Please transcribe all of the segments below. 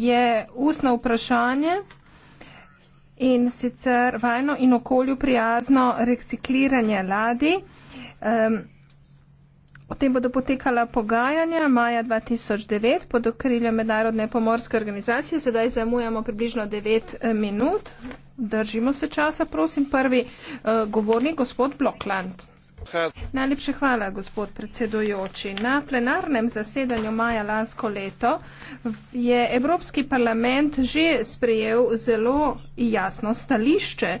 je ustno vprašanje in sicer vajno in okolju prijazno recikliranje ladi. Um, o tem bodo potekala pogajanja maja 2009 pod okriljo Mednarodne pomorske organizacije. Sedaj zamujamo približno 9 eh, minut. Držimo se časa, prosim, prvi uh, govornik, gospod Blokland. Najlepša hvala, gospod predsedujoči. Na plenarnem zasedanju maja lansko leto je Evropski parlament že sprejel zelo jasno stališče,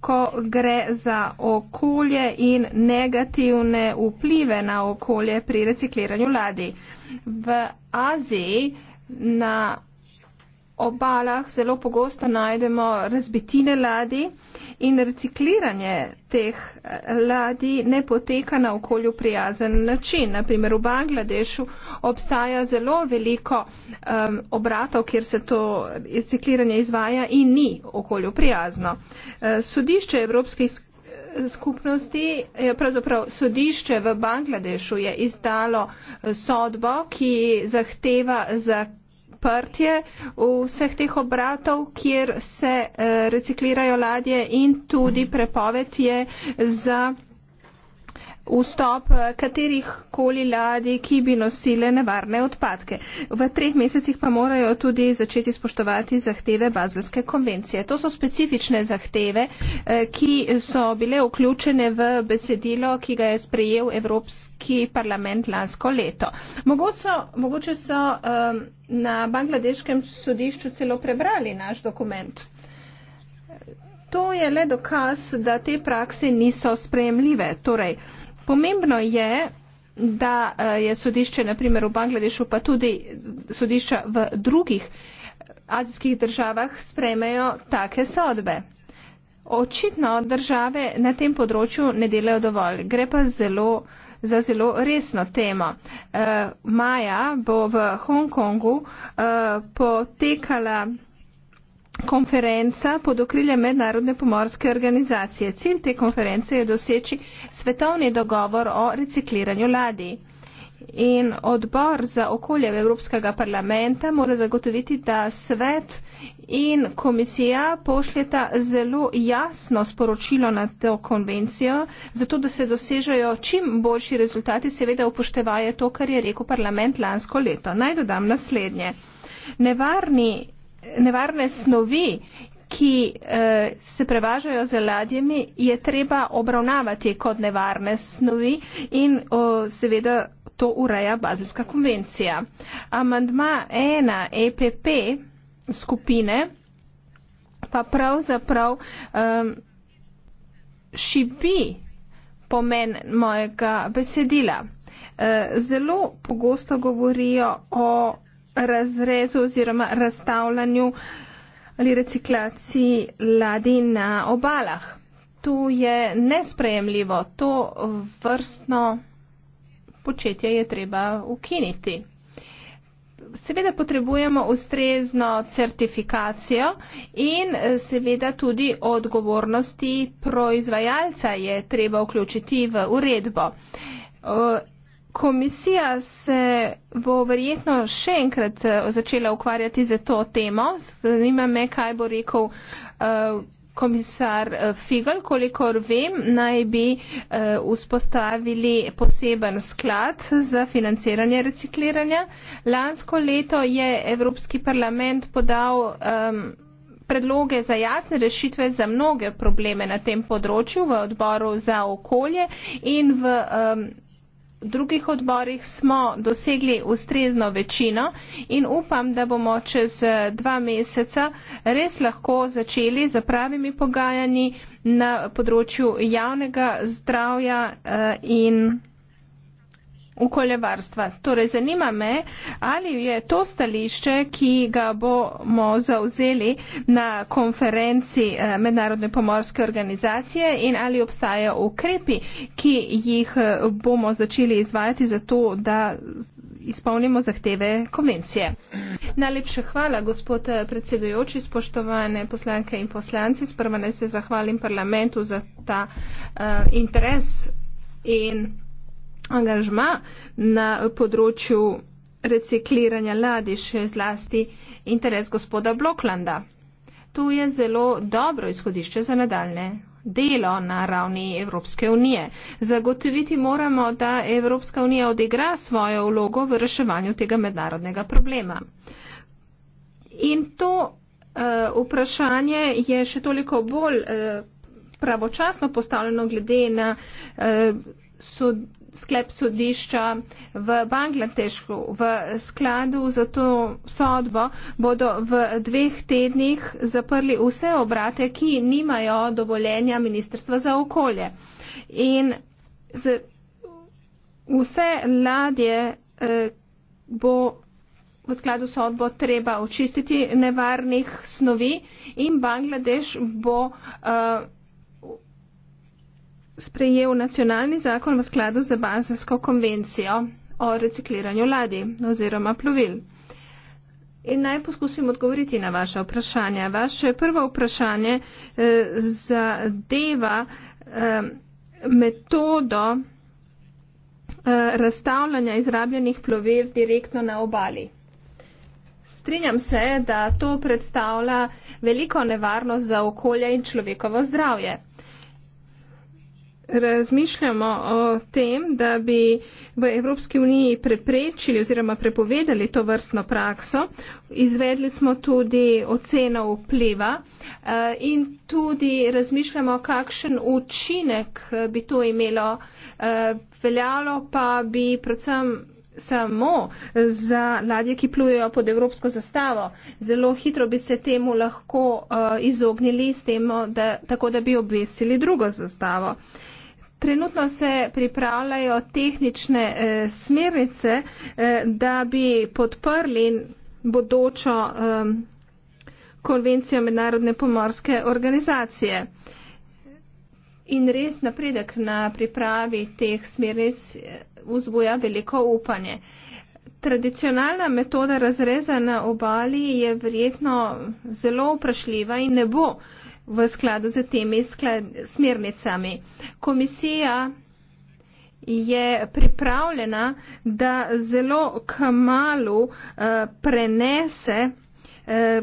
ko gre za okolje in negativne vplive na okolje pri recikliranju ladi. V Aziji na obalah zelo pogosto najdemo razbitine ladi in recikliranje teh eh, ladi ne poteka na okolju prijazen način. Naprimer, v Bangladešu obstaja zelo veliko um, obratov, kjer se to recikliranje izvaja in ni okolju prijazno. Eh, sodišče Evropske skupnosti, eh, pravzaprav sodišče v Bangladešu je izdalo sodbo, ki zahteva za zaprtje vseh teh obratov, kjer se eh, reciklirajo ladje in tudi prepoved je za vstop eh, katerih koli ladi, ki bi nosile nevarne odpadke. V treh mesecih pa morajo tudi začeti spoštovati zahteve Bazelske konvencije. To so specifične zahteve, eh, ki so bile vključene v besedilo, ki ga je sprejel Evropski parlament lansko leto. Mogoče, mogoče so um, na Bangladeškem sodišču celo prebrali naš dokument. To je le dokaz, da te prakse niso sprejemljive. Torej, Pomembno je, da eh, je sodišče, naprimer v Bangladešu, pa tudi sodišča v drugih eh, azijskih državah sprejmejo take sodbe. Očitno države na tem področju ne delajo dovolj. Gre pa zelo, za zelo resno temo. E, maja bo v Hongkongu e, potekala konferenca pod okriljem mednarodne pomorske organizacije. Cilj te konference je doseči svetovni dogovor o recikliranju ladij. In odbor za okolje Evropskega parlamenta mora zagotoviti, da svet in komisija pošljeta zelo jasno sporočilo na to konvencijo, zato da se dosežejo čim boljši rezultati, seveda upoštevaje to, kar je rekel parlament lansko leto. Naj dodam naslednje. Nevarni nevarne snovi, ki eh, se prevažajo z ladjami, je treba obravnavati kot nevarne snovi in oh, seveda to ureja Bazilska konvencija. Amandma 1 EPP skupine pa pravzaprav eh, šibi pomen mojega besedila. Eh, zelo pogosto govorijo o razrezu oziroma razstavljanju ali reciklaciji ladi na obalah. Tu je nesprejemljivo, to vrstno početje je treba ukiniti. Seveda potrebujemo ustrezno certifikacijo in eh, seveda tudi odgovornosti proizvajalca je treba vključiti v uredbo. Eh, Komisija se bo verjetno še enkrat eh, začela ukvarjati za to temo. Zanima me, kaj bo rekel eh, komisar eh, Figel. Kolikor vem, naj bi vzpostavili poseben sklad za financiranje recikliranja. Lansko leto je Evropski parlament podal predloge za jasne rešitve za mnoge probleme na tem področju v odboru za okolje in v drugih odborih smo dosegli ustrezno večino in upam, da bomo čez eh, dva meseca res lahko začeli z pravimi pogajanji na področju javnega zdravja eh, in okoljevarstva. Torej, zanima me, ali je to stališče, ki ga bomo zauzeli na konferenci eh, Mednarodne pomorske organizacije in ali obstajajo ukrepi, ki jih eh, bomo začeli izvajati za to, da izpolnimo zahteve konvencije. Najlepša hvala, gospod eh, predsedujoči, spoštovane poslanke in poslanci. Sprva naj se zahvalim parlamentu za ta uh, interes in angažma na področju recikliranja ladij, še zlasti interes gospoda Bloklanda. To je zelo dobro izhodišče za nadaljne delo na ravni Evropske unije. Zagotoviti moramo, da Evropska unija odigra svojo vlogo v reševanju tega mednarodnega problema. In to uh, vprašanje je še toliko bolj uh, pravočasno postavljeno glede na uh, sod, sklep sodišča v Bangladešu. V skladu za to sodbo bodo v dveh tednih zaprli vse obrate, ki nimajo dovoljenja Ministrstva za okolje. In vse ladje eh, bo v skladu sodbo treba očistiti nevarnih snovi in Bangladeš bo. Eh, sprejel nacionalni zakon v skladu z Baselsko konvencijo o recikliranju ladi oziroma plovil. In naj poskusim odgovoriti na vaše vprašanje. Vaše prvo vprašanje eh, zadeva eh, metodo eh, razstavljanja izrabljenih plovil direktno na obali. Strinjam se, da to predstavlja veliko nevarnost za okolje in človekovo zdravje razmišljamo o tem, da bi v Evropski uniji preprečili oziroma prepovedali to vrstno prakso. Izvedli smo tudi oceno vpliva eh, in tudi razmišljamo, kakšen učinek eh, bi to imelo eh, veljalo, pa bi predvsem samo za ladje, ki plujejo pod evropsko zastavo. Zelo hitro bi se temu lahko uh, izognili, temo, da, tako da bi obvesili drugo zastavo. Uh, Trenutno se pripravljajo tehnične eh, smernice, eh, da bi podprli bodočo eh, konvencijo Mednarodne pomorske organizacije. In res napredek na pripravi teh smernic eh, vzbuja veliko upanje. Tradicionalna metoda razreza na obali je verjetno zelo vprašljiva in ne bo eh, v skladu z temi smernicami. Komisija je pripravljena, da zelo kmalo eh, prenese eh,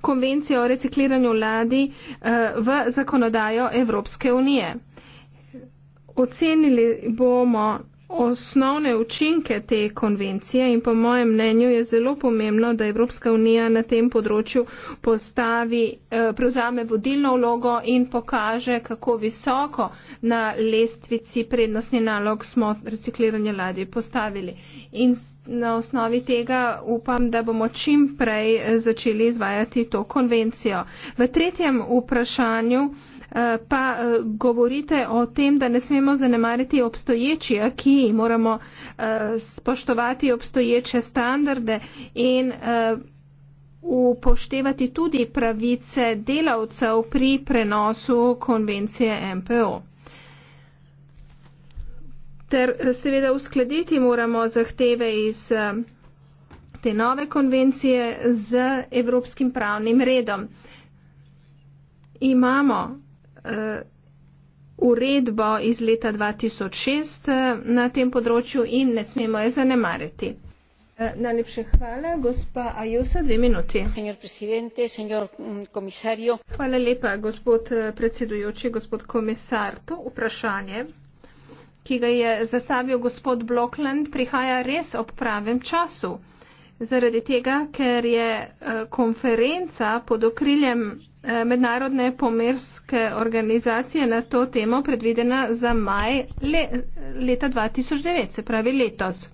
konvencijo o recikliranju ladi eh, v zakonodajo Evropske unije. Ocenili bomo osnovne učinke te konvencije in po mojem mnenju je zelo pomembno, da Evropska unija na tem področju postavi, eh, prevzame vodilno vlogo in pokaže, kako visoko na lestvici prednostni nalog smo recikliranje ladje postavili. In na osnovi tega upam, da bomo čim prej eh, začeli izvajati to konvencijo. V tretjem vprašanju Eh, pa eh, govorite o tem, da ne smemo zanemariti obstoječi akiji, moramo eh, spoštovati obstoječe standarde in upoštevati tudi pravice delavcev pri prenosu konvencije MPO. Ter seveda uskladiti moramo zahteve iz te nove konvencije z evropskim pravnim redom. Imamo Eh, uredbo iz leta 2006 eh, na tem področju in ne smemo je zanemariti. Eh, najlepše hvala, gospa Ajusa, dve minuti. Mm, hvala lepa, gospod predsedujoči, gospod komisar. To vprašanje, ki ga je zastavil gospod Blokland, prihaja res ob pravem času. Zaradi tega, ker je konferenca pod okriljem Eh, mednarodne pomerske organizacije na to temo predvidena za maj le, leta 2009, se pravi letos.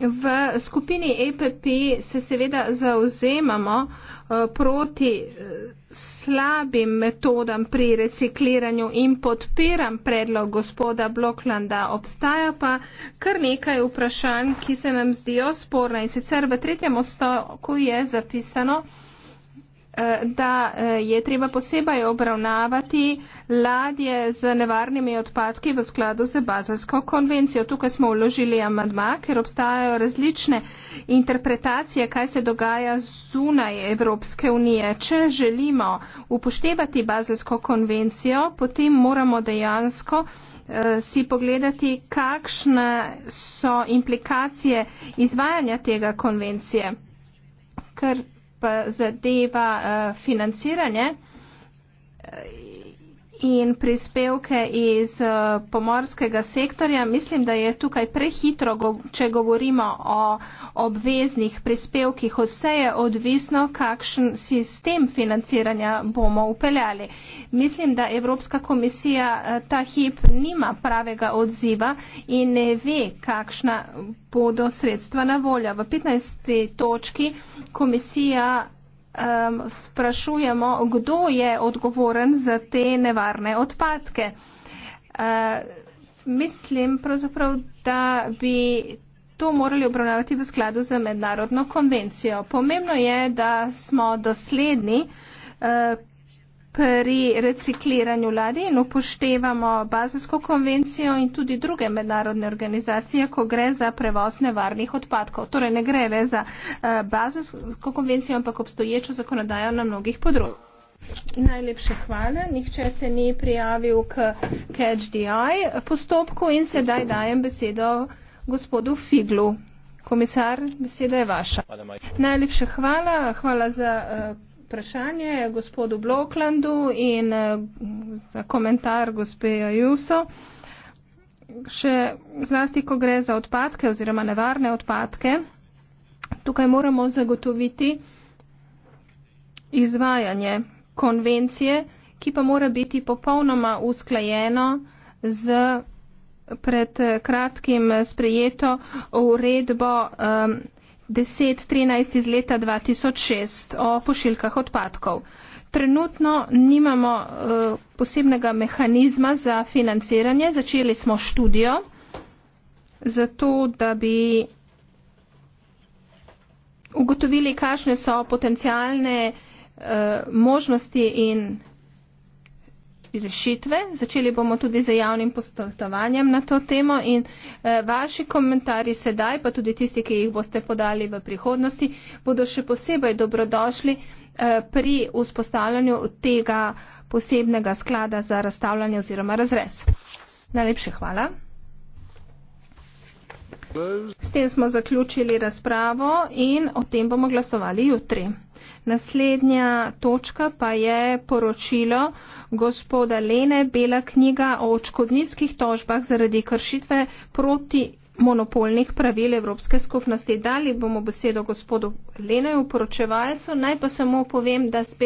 V skupini EPP se seveda zauzemamo eh, proti eh, slabim metodam pri recikliranju in podpiram predlog gospoda Bloklanda. Obstaja pa kar nekaj vprašanj, ki se nam zdijo sporna in sicer v tretjem odstavku je zapisano, Eh, da eh, je treba posebej obravnavati ladje z nevarnimi odpadki v skladu z Bazelsko konvencijo. Tukaj smo uložili amadma, ker obstajajo različne interpretacije, kaj se dogaja zunaj Evropske unije. Če želimo upoštevati Bazelsko konvencijo, potem moramo dejansko eh, si pogledati, kakšne so implikacije izvajanja tega konvencije. Ker pa zadeva eh, financiranje. Eh, in prispevke iz eh, pomorskega sektorja. Mislim, da je tukaj prehitro, če govorimo o obveznih prispevkih. Vse je odvisno, kakšen sistem financiranja bomo upeljali. Mislim, da Evropska komisija eh, ta hip nima pravega odziva in ne ve, kakšna bodo sredstva na voljo. V 15. točki komisija um, sprašujemo, kdo je odgovoren za te nevarne odpadke. Uh, mislim pravzaprav, da bi to morali obravnavati v skladu z mednarodno konvencijo. Pomembno je, da smo dosledni uh, pri recikliranju ladij in upoštevamo bazensko konvencijo in tudi druge mednarodne organizacije, ko gre za prevoz nevarnih odpadkov. Torej ne gre le za eh, bazensko konvencijo, ampak obstoječo zakonodajo na mnogih področjih. Najlepše hvala. Nihče se ni prijavil k Catch the Eye postopku in sedaj dajem besedo gospodu Figlu. Komisar, beseda je vaša. Najlepše hvala. Hvala za. Uh, vprašanje gospodu Bloklandu in eh, za komentar gospe Juso. Še zlasti, ko gre za odpadke oziroma nevarne odpadke, tukaj moramo zagotoviti izvajanje konvencije, ki pa mora biti popolnoma usklajeno z pred kratkim sprejeto uredbo. Um, 1013 iz leta 2006 o pošiljkah odpadkov. Trenutno nimamo uh, posebnega mehanizma za financiranje. Začeli smo študijo zato, da bi ugotovili, kakšne so potencijalne uh, eh, možnosti in rešitve. Začeli bomo tudi z javnim postavljanjem na to temo in eh, vaši komentarji sedaj, pa tudi tisti, ki jih boste podali v prihodnosti, bodo še posebej dobrodošli eh, pri vzpostavljanju tega posebnega sklada za razstavljanje oziroma razrez. Najlepše hvala. S tem smo zaključili razpravo in o tem bomo glasovali jutri. Naslednja točka pa je poročilo gospoda Lene Bela knjiga o očkodninskih tožbah zaradi kršitve proti monopolnih pravil Evropske skupnosti. Dali bomo besedo gospodu Leneju, poročevalcu. Naj pa samo povem, da spet.